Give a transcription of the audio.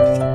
you.